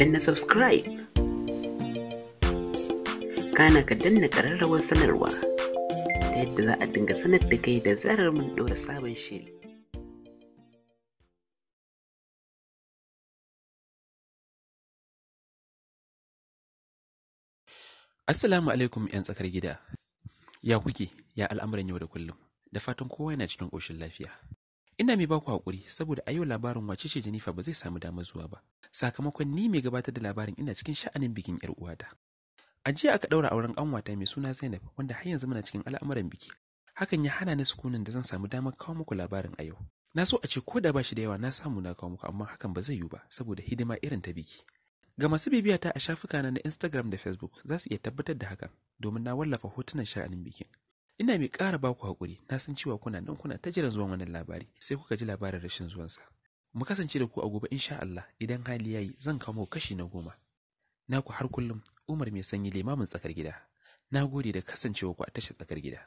danna subscribe kana ka danna ƙararrawar sanarwa ta yadda za a dinga sanar da kai da zarar mun ɗora sabon shiri Assalamu alaikum 'yan tsakar gida, ya kuke, ya al'amuran yau da kullum, da fatan kowa yana cikin ƙoshin lafiya. Ina mai baku hakuri saboda a yau labarin wace ce Jennifer ba zai samu damar zuwa ba. Sakamakon ni mai gabatar da labarin ina cikin sha'anin bikin yar uwata. A jiya aka ɗaura auren ƙanwata mai suna Zainab wanda har yanzu muna cikin al'amuran biki. Hakan ya hana ni sukunin da zan samu damar kawo muku labarin a yau. Na so a ce ko da ba shi da yawa na samu na kawo muku amma hakan ba zai yiwu ba saboda hidima irin ta biki. Ga masu bibiyata a shafuka na Instagram da Facebook za su iya tabbatar da hakan domin na wallafa hotunan sha'anin bikin. ina mai ƙara ba ku haƙuri na san cewa kuna nan kuna ta jiran zuwan wannan labari sai kuka ji labarin rashin zuwansa mu kasance da ku a gobe insha Allah idan hali yayi zan kamo kashi na goma Na ku har kullum Umar mai sanyi limamin tsakar gida na gode da kasancewa ku a tashar tsakar gida